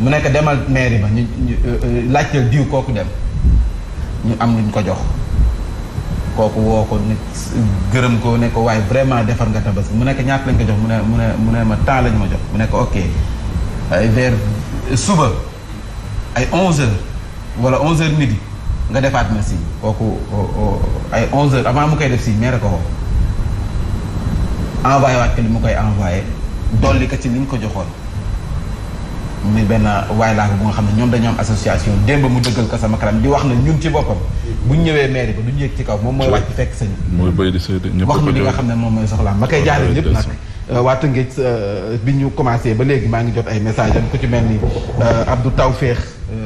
mu nekk demal mairie ba ñu euh, euh, laajte diw kooku dem ñu am luñ ko jox kooku woo ko nit gërëm ko ne ko waaye vraiment defar nga tabaski mu nekk ñaata lañ ko jox mu ne mu ne mu ne ma temps lañ ma jox mu ne ko ok ay vers suba ay 11h wala 11h midi nga defaat ma si kooku ay 11h avant mu koy def si maire ko woo envoyé waat ko li mu koy envoyé dolli ko ci liñ ko joxoon. muy benn waay laa ko bu nga xam ne ñoom dañoo association démb mu dëggal ko sama kanam di wax na ñun ci boppam bu ñëwee mairie ba du ñu yëg ci kaw moom mooy wàcc fekk sañ wax ñu li nga xam ne moom mooy soxlaam ma koy jaaree ñëpp nag euh, waa Tëngéej euh, bi ñu commencé ba léegi maa ngi jot ay message am ku ci mel ni euh, Abdou Tawféex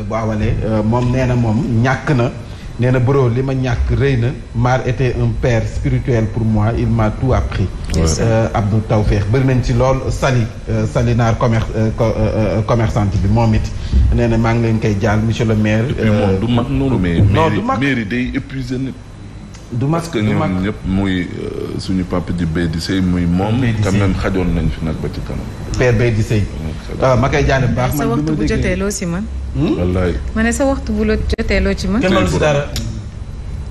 bu awalee moom nee na moom ñàkk na nee na bro li ma ñak reyna Mar était un père spirituel pour moi il m'a tout appris euh Abdou Tawfeex bari nañ ci lool Sali euh, salinar commerce euh, euh, euh, commerçante bi momit it nee na maa ngi leen kay jall monsieur le maire moom du mag noonu mais non du mag mairie day épuisé nit du mag parce que ñoom ñëpp muy suñu papa di béy di sëy muy moom. quand même xajoon nañ fi nag ba ci kanam. père béy di sëy. Ah, ma koy jaane bu baax man sa waxtu bu jotee loo ci man. Hmm? wallaay ma ne sa waxtu bu la jotee loo ci man. kenn mënu si dara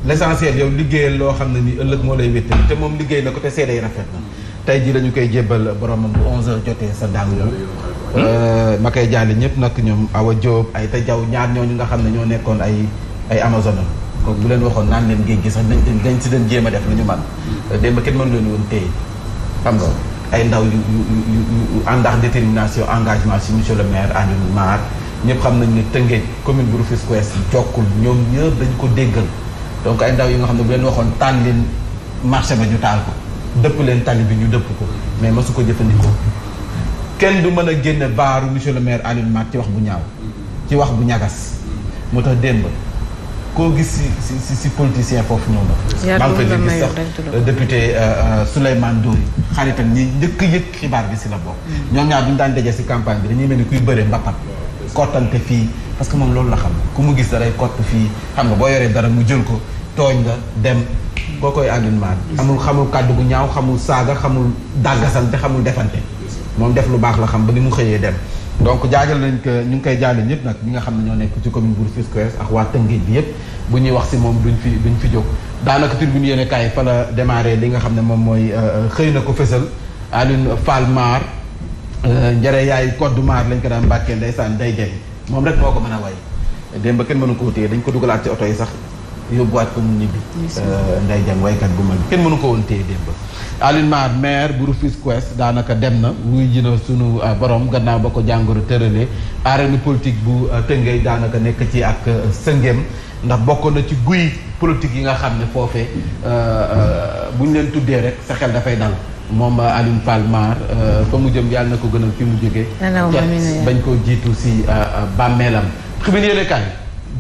l'essentiel yow liggéeyal loo xam ne ni ëllëg moo lay wéttali te moom liggéey na ko te seede rafet na. tey jii la koy jébbal boromam bu 11h jotee sa dàngu. Hmm? Euh, ma koy jaale ñëpp nag ñoom Awa Diop ay te jaw ñaar ñooñu nga xam ne ñoo nekkoon ay ay amazone kon bu leen waxoon naan leen géej gi sax dañ dañ si leen jéema def lu man démb kenn mënu leen woon tey xam nga ay ndaw yu yu yu yu àndax détermination engagement si monsieur le maire Alioune maar ñëpp xam nañ ne Tëngéej commune bu Rufisque Ouest jokkul ñoom ñëpp dañ ko déggal donc ay ndaw yi nga xam ne bu leen waxoon taal leen marché ba ñu taal ko dëpp leen tali bi ñu dëpp ko mais su ko jëfandikoo kenn du mën a génn baaru monsieur le maire Alioune Mar ci wax bu ñaaw ci wax bu ñagas moo tax démb koo gis si si si si politicien foofu noonu. maa ngi koy gis sax député euh, euh, Souleymane Ndoye xaritam ñi njëkk yëg xibaar bi si la bokk. Mm. ñoom ñaar bu ñu daan daje si campagne bi dañuy mel ni kuy bëree mbappat kottante fii parce que moom loolu la xam ku mu gis daray kott fii xam nga boo yoree dara mu jël ko tooñ la dem. koo koy Alioune Mar amul xamul kàddu gu ñaaw xamul saaga xamul dàggasante xamul defante. moom def lu baax la xam ba ni mu xëyee dem. donc jaajal nañ ko ñu ngi koy jaale ñëpp nag ñi nga xam ne ñoo nekk ci commune bu Rufisque Ouest ak waa Tëngéej bi yëpp bu ñuy wax si moom duñ fi duñ fi jóg daanaka tribune yéene kaay fa la démarré li nga xam ne moom mooy euh, euh, xëy na ko fësal Alioune Fall Mar euh, njëre yaay code Mar lañ ko daan mbàkkee ndeysaan day gay moom rek moo ko mën a way démb kenn mënu ko téye dañ ko dugalaat ci oto yi sax yóbbuwaat ko mu ñibbi. Euh, nday jàng waykat bu man kenn mënu ko woon téye démb. Alioune Mar maire bu Rufisque Ouest daanaka dem na muy ji sunu euh, borom gannaaw ba ko jàngoro tëralee arène politique bu euh, Tëngéej daanaka nekk ci ak sëngéem ndax bokkoon na ci guy politique yi nga xam ne foofee bu ñu leen tuddee rek sa xel dafay dal. moom Alioune Fall Mar fa mu jëm yàlla na ko gënal fi mu jógee. bañ koo jiitu si bàmmeelam. xibin yële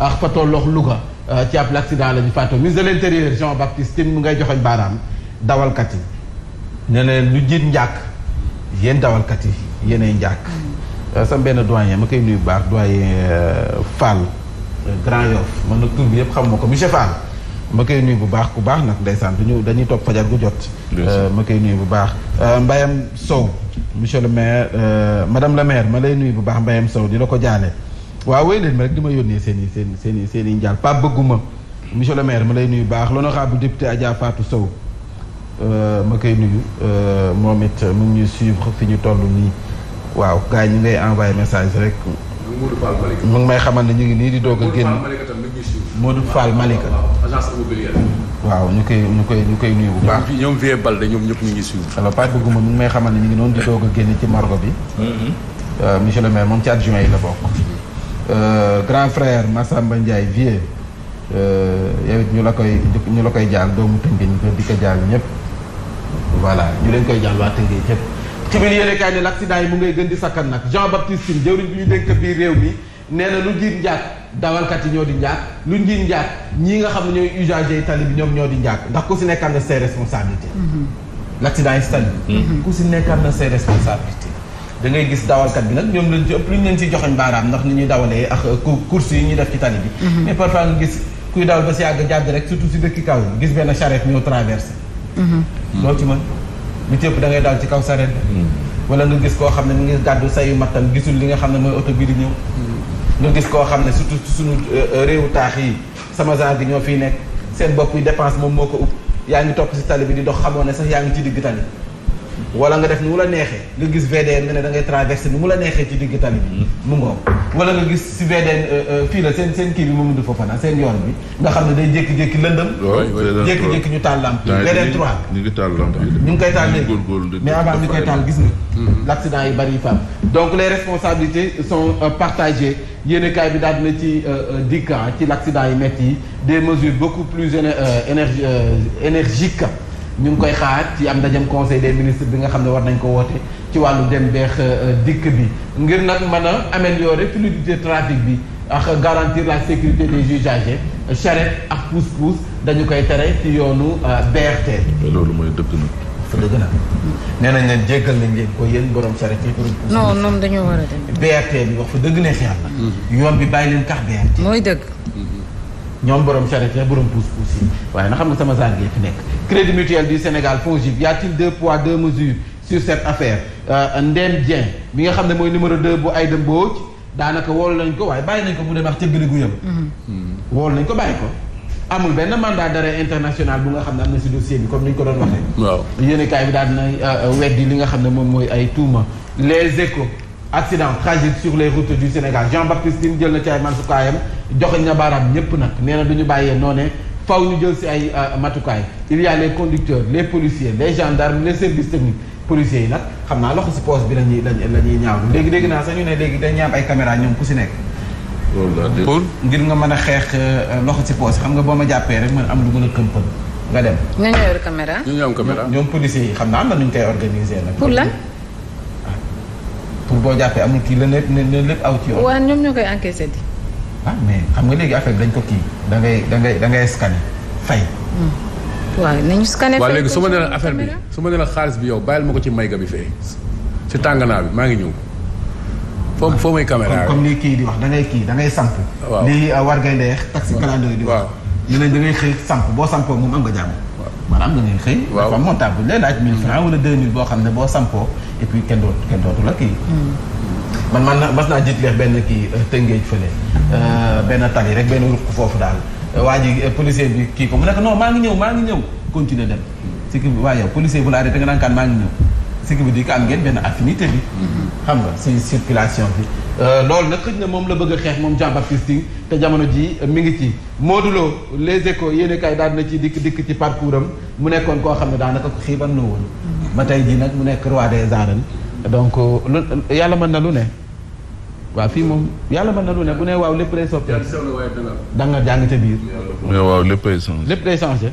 Ah, ak fa tollox Louga ah, ci ab l'accident la ñu faatoo ministre de l' intérieur Jean Baptiste Tine mu ngay joxoñ baaraam dawalkat yi ne leen lu jiit njàkk yéen dawalkat yi yéenay njàkk mm. ah, sam benn doyen ma koy nuyu baax doyen euh, Fall euh, Grand Yoff man nag tur bi yëpp xam ma ko monsieur Fall ma koy nuyu bu baax ku baax nag ndeysaan duñu dañuy toog fajar gu jot euh, ma koy nuyu bu Mbayam Sow monsieur le maire madame la maire ma lay nuyu bu baax Mbayam Sow di la waaw wéy leen ma rek di ma yónnee seeni i seeni seen i seen i njaal pa bëgguma monsieur le maire ma lay nuyu baax l'honorable député Adja Fatou Sow euh, ma koy nuyu euh, moom it mu ngi ñuy suivre ñu toll nii waaw gars yi ñu envoyé message rek mu ngi may xamal ne ñu ngi nii di doog a génn Modou Fall Malika agence immobilière waaw ñu koy ñu koy ñu koy nuyu bu baax ñoom Vieux Balde ñoom ñëpp ñu ngi suivre alors pas bëgguma mu may xamal ne ñu ngi noonu di doog a génn ci margo bi mm-hmm. euh, monsieur le maire moom ci adjoint yi la bokk Euh, grand frère Massamba Ndiaye vieux euh, yow it ñu la koy ñu la koy jaal doomu Tëngéej ñu ko di ko jaal ñu leen koy jaal waa Tëngéej ñëpp ci yi mu ngay gën di sakkan nag Jean Baptiste Tine ñu dénk biir réew mi lu njiit njaak dawalkat yi ñoo di njaak lu njiit njaak ñii nga xam ne ñooy usager tali bi ñoom ñoo di njaak ndax ku si nekk am na ses responsabilités mm-hmm. l' accident yi si tali mm-hmm. ku si nekk na ses responsabilités da ngay gis dawalkat bi nag ñoom lañ ci ëpp lu ñu leen ci joxoñ baaraam ndax ni ñuy dawalee ak course yi ñuy def ci tali bi mhm. mais parfois nga gis kuy dawal ba si yàgg jàdd rek surtout si dëkk kaw gis benn charrette ñëw traversé gis mhm. ci mën lu ci ëpp da ngay daal ci kaw charrette bi mhm. wala nga gis koo xam ne mu ngi gàddu sayu mattam gisul li nga xam ne mooy oto bi di ñëw nga gis koo xam ne surtout suñu euh, euh, réewu taax yi sama genre bi ñoo fiy nekk seen bopp yi dépense moom moo ko ub yaa ngi topp si tali bi di dox xamoo ne sax yaa ngi ci digg tali wala nga def ni mu la neexee nga gis VDN nga ne da ngay traverser ni mu la neexee ci digg tali bi mu ngoog wala nga gis si VDN euh, euh, fii la seen seen kii bi Mamadou Fofana seen yoon bi nga xam ne day jékki-jékki lëndëm jékki-jékki ñu taal lamp VDN 3 ñu ngi taal lamp ñu ngi koy taal mais avant ñu koy taal gis nga mm-hmm. l' accident yi bari yi fa donc les responsabilités sont euh, partagées yéen kaay bi daal dina ci dikka ah, ci l' accident yi métti yi des mesures beaucoup plus énergie énergiques ñu ngi koy xaar ci am ndajam conseil des ministre bi nga xam ne war nañ ko woote ci wàllu dem beex euh, dikk bi ngir nag man a améliorer fluidité trafic bi ak garantir la sécurité des usagers charrette ak pousse-pousse dañu koy tere ci yoonu euh, BRT. loolu mooy dëgg fa dëgg la nee nañ leen nañ leen ko yéen borom charrette yi. non noonu dañoo war a dem. BRT bi wax fa dëgg neex yàlla. Mm-hmm. yoon bi bàyyi leen tax BRT. mooy dëgg. ñoom borom charette yi borom pousse pousse waaye na xam nga sama zaan gi fi nekk. Crédit Mutuel du Sénégal FONGIP y a-t-il deux poids deux mesures sur cette affaire euh, Ndem Dieng bi nga xam ne mooy numéro 2 bu Aïda Mbodj daanaka woolu nañ ko waaye bàyyi nañ ko mu dem wax ca gën a guyam. Mm-hmm. nañ ko bàyyi ko. amul benn mandat d'arrêt international bu nga xam ne am na si dossier bi comme ni ñu ko doon waxee. waaw yéen bi daal na euh, weddi li nga xam ne moom mooy ay tuuma les échos. accident tragique sur les routes du Sénégal Jean-Baptiste Tine jël na ci ay matukaayam joxe na baaraam ñépp nag nee na du ñu bàyyee noonee faw ñu jël si ay euh, matukaay il y a les conducteurs les policiers les gendarmes les services techniques policiers yi nag xam naa loxo si poche bi lañuy la ñuy ñaaw léegi dégg naa sax ne léegi dañuy am ay caméra ñoom ku si nekk pour ngir nga mën a xeex euh, loxo si poche xam nga boo ma jàppee rek mën am lu gën a këmpal nga dem. ñoo yor caméra. ñoom policiers yi xam naa am na nu ñu koy organiser nag. pour lan pour boo jàppee amul kii la lépp na lépp aw ci yoon. waaw ñoom ñoo koy encaissé di. ah mais xam nga léegi affaire bi dañ ko kii da ngay da ngay da ngay scanné fay. Hmm. waaw nañu scanné fay. waaw léegi su ma nee affaire bi su ma nee xaalis bi yow bàyyil ma ko ci may mayga bi fee. ci tànganaa bi maa ngi ñëw. foo foo may caméra comme ni kii di wax dangay kii da ngay samp. waaw lii euh, war ngay neex. taxi calendrier di waaw ñu ne da ngay xëy samp boo sampoo moom am nga jàmm. maanaam da ngay xëy. waaw dafa montable lay laaj 1000 francs wala 2000 boo xam ne boo sampoo et puis kenn dootu kenn la kii. Hmm. man man na mas naa jiitleex benn kii euh, tëngeej fële euh, benn tali rek benn ruq foofu daal euh, waa ji policier bi kii ko mu nekk non maa ngi ñëw maa ngi ñëw continuer dem si kii bi waa yow policier bu la arrêté nga naan kaan maa ngi ñëw. ce qui veut dire am ngeen benn affinité bi. xam nga si circulation bi. Euh, loolu na xëj na moom la bëgg xeex moom Jean Baptiste Tine te jamono ji mi ngi ci Modou Lo les échos yéen kay daal na ci dikk dikk ci parcours am mu nekkoon koo xam ne daanaka ko xiiban la woon. ba tey ji nag mu nekk roi des arènes. donc lu yàlla man na lu ne. waa fii moom yàlla mën na lu ne bu ne waaw lépp lay soppeeku. da nga jàng ca biir. waaw lépp lay lépp lay changé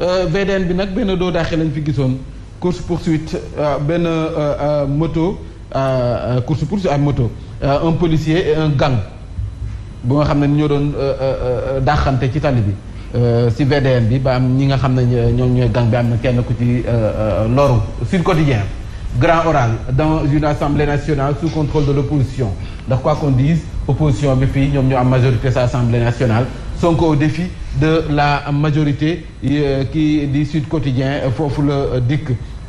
euh, VDN bi nag benn doo daaxee lañ fi gisoon. course poursuite ben moto course poursuite moto un policier et un gang bon nga xam ne ñoo doon dàqante ci tali si VDN bi ba am ñi nga xam ne gang bi am na kenn ku ci loru Sud Quotidien grand oral dans une assemblée nationale sous contrôle de l'opposition ndax quoi qu'on dise opposition bi fii ñoom ñoo en majorité à l'Assemblée nationale sont au défi de la majorité qui di Sud Quotidien faut le dikk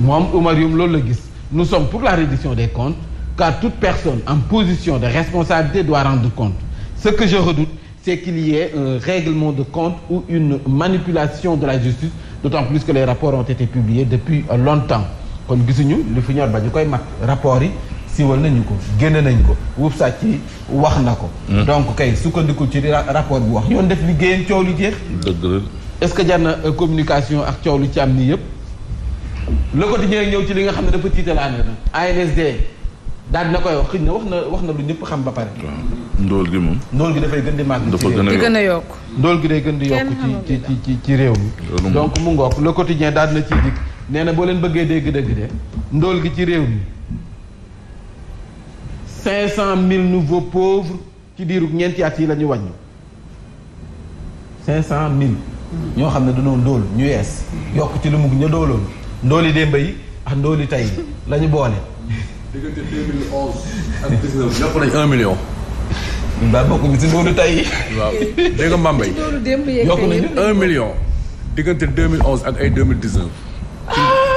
nous sommes pour la reddition des comptes car toute personne en position de responsabilité doit rendre compte ce que je redoute c'est qu'il y ait un règlement de compte ou une manipulation de la justice d'autant plus que les rapports ont été publiés depuis longtemps Comme gisuñu le rapport donc rapport est-ce que avez euh, une communication avec le le quotidien ñëw ci li nga xam ne dafa tiitalaane la. ANSD daal dina koy wax xëy na wax na wax na lu ñëpp xam ba pare. ndóol gi moom. ndóol gi dafay gën di màgg. dafa gën a yokk ndóol gi day gën di yokk ci ci ci ci réew donc mu ngoog le quotidien daal dina ciy dikk nee na boo leen bëggee dégg dëgg de ndóol gi ci réew mi cinq cent mille nouveaux pauvres ci diiru ñeenti at yi la ñu wàññi cinq cent mille hmm. ñoo xam ne dañoo ndóol ñu yees hmm. yokk ci lu mu ña dooloon ndooli démb yi ak ndooli tey yi la ñu boole. diggante 2011 ak 19 ñëpp nañ 1 million. daa bokk bi si ndooli tey yi. waaw dégg nga Mbambey. yokk nañu 1 million. diggante 2011 ak ay 2019.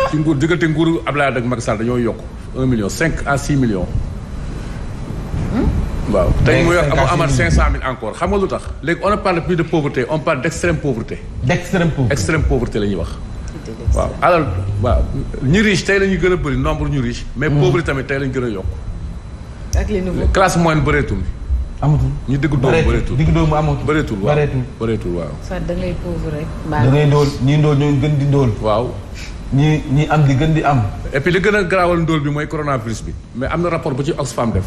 ci nguur diggante nguuru Abdoulaye Wade ak Macky Sall dañoo yokk 1 million 5 à 6 millions. Hmm? waaw tey mooy yokk mu amaat 500000 encore xam nga lu tax léegi on ne parle plus de pauvreté on parle d' extrême pauvreté. d' extrême pauvreté extrême la ñuy wax. waaw alal waaw ñu riche tey la ñu gën a bëri nombre ñu riche. mais hmm. pauvre tamit tey la gën a yokk. ak les nouveaux classe moyenne bëreetul. amatul ñu digg dóomu bëreetul digg dóomu amatul bëreetul waaw bëreetul waaw. soit da ngay pauvre rek. da ngay ndóol ñii ndóol ñoo gën di ndóol. waaw. ñii ñii am di gën di am. et li gën a garaawal ndóol bi mooy coronavirus bi. mais am na rapport bu ci Oxfam def.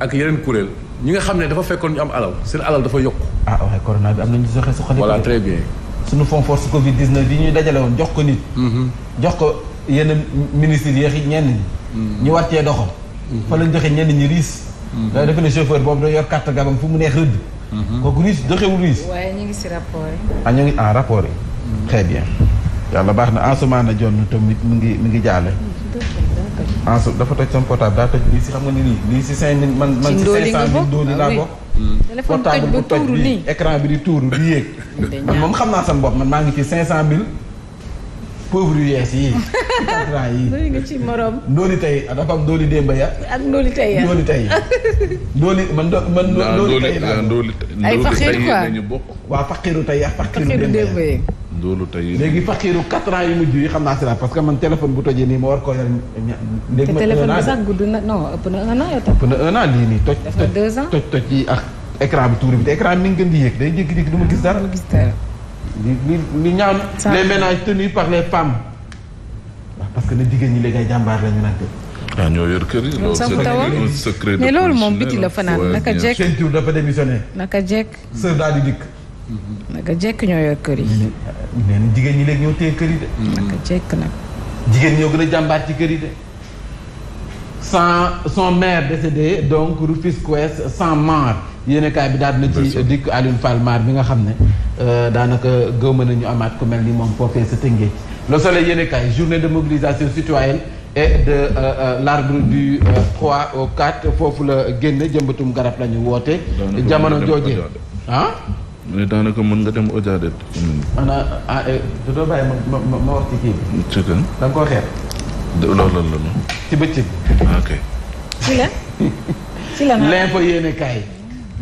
ak yeneen kuréel ñi nga xam ne dafa fekkoon ñu am alal seen alal dafa yokk. ah waaye corona bi am nañu soxla soxla. voilà suñu fonds force Covid 19 yi ñuy dajale woon jox ko nit. Mhm. jox ko yenn ministres yéex yi ñenn ñi. Mhm. ñu war cee doxam. Mhm. fa lañ joxe ñenn ñi riis. da defe ne chauffeur boobu da yor carte gabam fu mu nee rëdd. kooku riis joxewul riis. waaye ñu ngi si rapport ah ñu ngi en ah, rapport yi. très bien. yàlla baax na en ce moment nag John tamit mi ngi mi ngi jaale. en dafa toj sama portable daa toj lii si xam nga ni lii lii si cinq mille man man si cinq cent mille dóoli ah laa bokk mm. toj bi écran bi di tuuru di yéeg man moom xam naa sama bopp man maa ngi ci cinq cent mille pauvre yu yees yi contrat yi dooli nga ci morom dooli tey dafa am dooli démb ya ak dooli tey ya dooli tey dooli man man dooli tey la ay faqiir quoi waaw faqiiru tey ak faqiiru démb ya loolu tey. léegi faqiiru quatre ans yu mujj yi xam naa si la parce que man téléphone bu tojee nii ma war koo yor. léegi téléphone bi sax gudd na non ëpp na un an yow tam. ëpp na un an lii nii toj. def na deux ans toj toj yi ak écran bi tuuri bi te écran mi ngi gën di yéeg day jékki-jékki du ma gis dara. du ma gis dara. li ñaaw les ménages tenus par les femmes. waaw parce que na jigéen ñi léegi ay jàmbaar lañu nag de. ah loolu moom biti la fanaan naka jekk. ceinture dafa démissionné. naka jekk. sër daal dikk. naka jekk ñoo yor kër yi. nee jigéen ñi léegi ñoo téye kër de. naka jekk nag. jigéen ñoo gën a jàmbaat ci kër yi de. sans son maire décédé donc Rufisque Ouest sans mort yéenekaay bi daal na ci dikk Alioune Fall bi nga xam ne daanaka gëwma nañu amaat ku mel ni moom foofee sa Tëngéej Le Soleil yéenekaay journée de mobilisation citoyenne et de l'arbre du 3 au 4 foofu la génne jëmbatum garab lañu woote jamono jooje ne daanaka mën nga dem Odiadel. ana ah eh, dootoo bàyyi ma ma ma wax ci kii bi. c'est que. Ah, ok. ci la ci la nag. l'info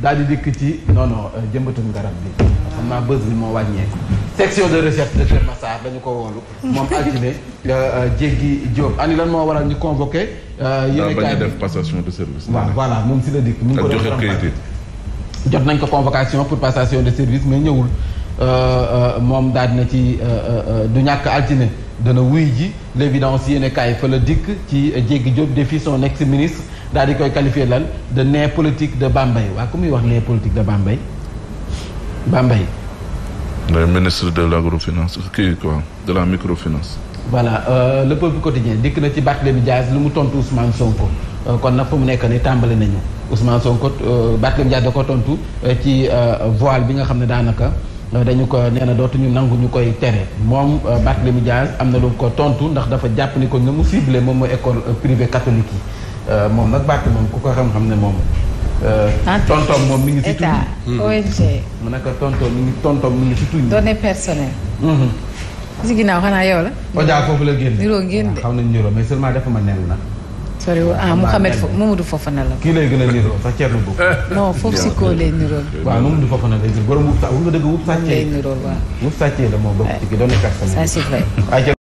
daal di dikk ci non non euh, jëmbatum garab bi. xam naa bés bi moo wàññeeku. section de recherche de Kër Massar dañu ko woolu moom altine euh, euh, jéggi Diop ani lan moo waral ñu convoqué. yéene bi bañ a def passation de service. waaw voilà moom si la dikk. mu ngi ko doon jot nañ ko convocation pour passation de service mais ñëwul euh, euh, mom daal dina ci euh, du ñàkk altine dana wuy ji l' évidence kay kaay fa la dikk ci jéggi Diop défi son ex ministre daal di koy qualifier lan de né politique de Bambay wa kumuy wax né politique de Bambay Bambay le ministre de l'agrofinance agrofinance quoi de la microfinance. voilà euh, le peuple quotidien dik na ci Barthélémy Diaz lu mu tontu Ousmane Sonko kon na fu mu nek ni tàmbali nañu. Ousmane Sonko euh, Barthélémy Dias da ko tontu euh, ci euh, voile bi nga xam ne daanaka dañu ko nee dootuñu nangu ñu koy tere moom Barthélémy Dias am na lu ko tontu ndax dafa jàpp ni ko nga mu ciblé moom mooy école privée catholique yi moom nag Barth moom ku ko xam-xam ne moom. tontom moom mi ngi si tuñ. ONG. mu ne ko tontom mi ngi tontom mi ngi si tuñ. données personnelles. si mhm. ginnaaw xanaa yow la. Oja foofu la génne. niroo génne xam nañ niroo mais seulement dafa ma nel na. soriwul ah Mouhamed Fofana Mamadou Fofana la. kii lay gën a niroo sax Thierno Bocoum. non foofu si koo lay nirool. waaw Mamadou Fofana lay gën borom wut sa wut nga dëgg wut sàccee. moom lay nirool waaw. wut sàccee la bokk ci doon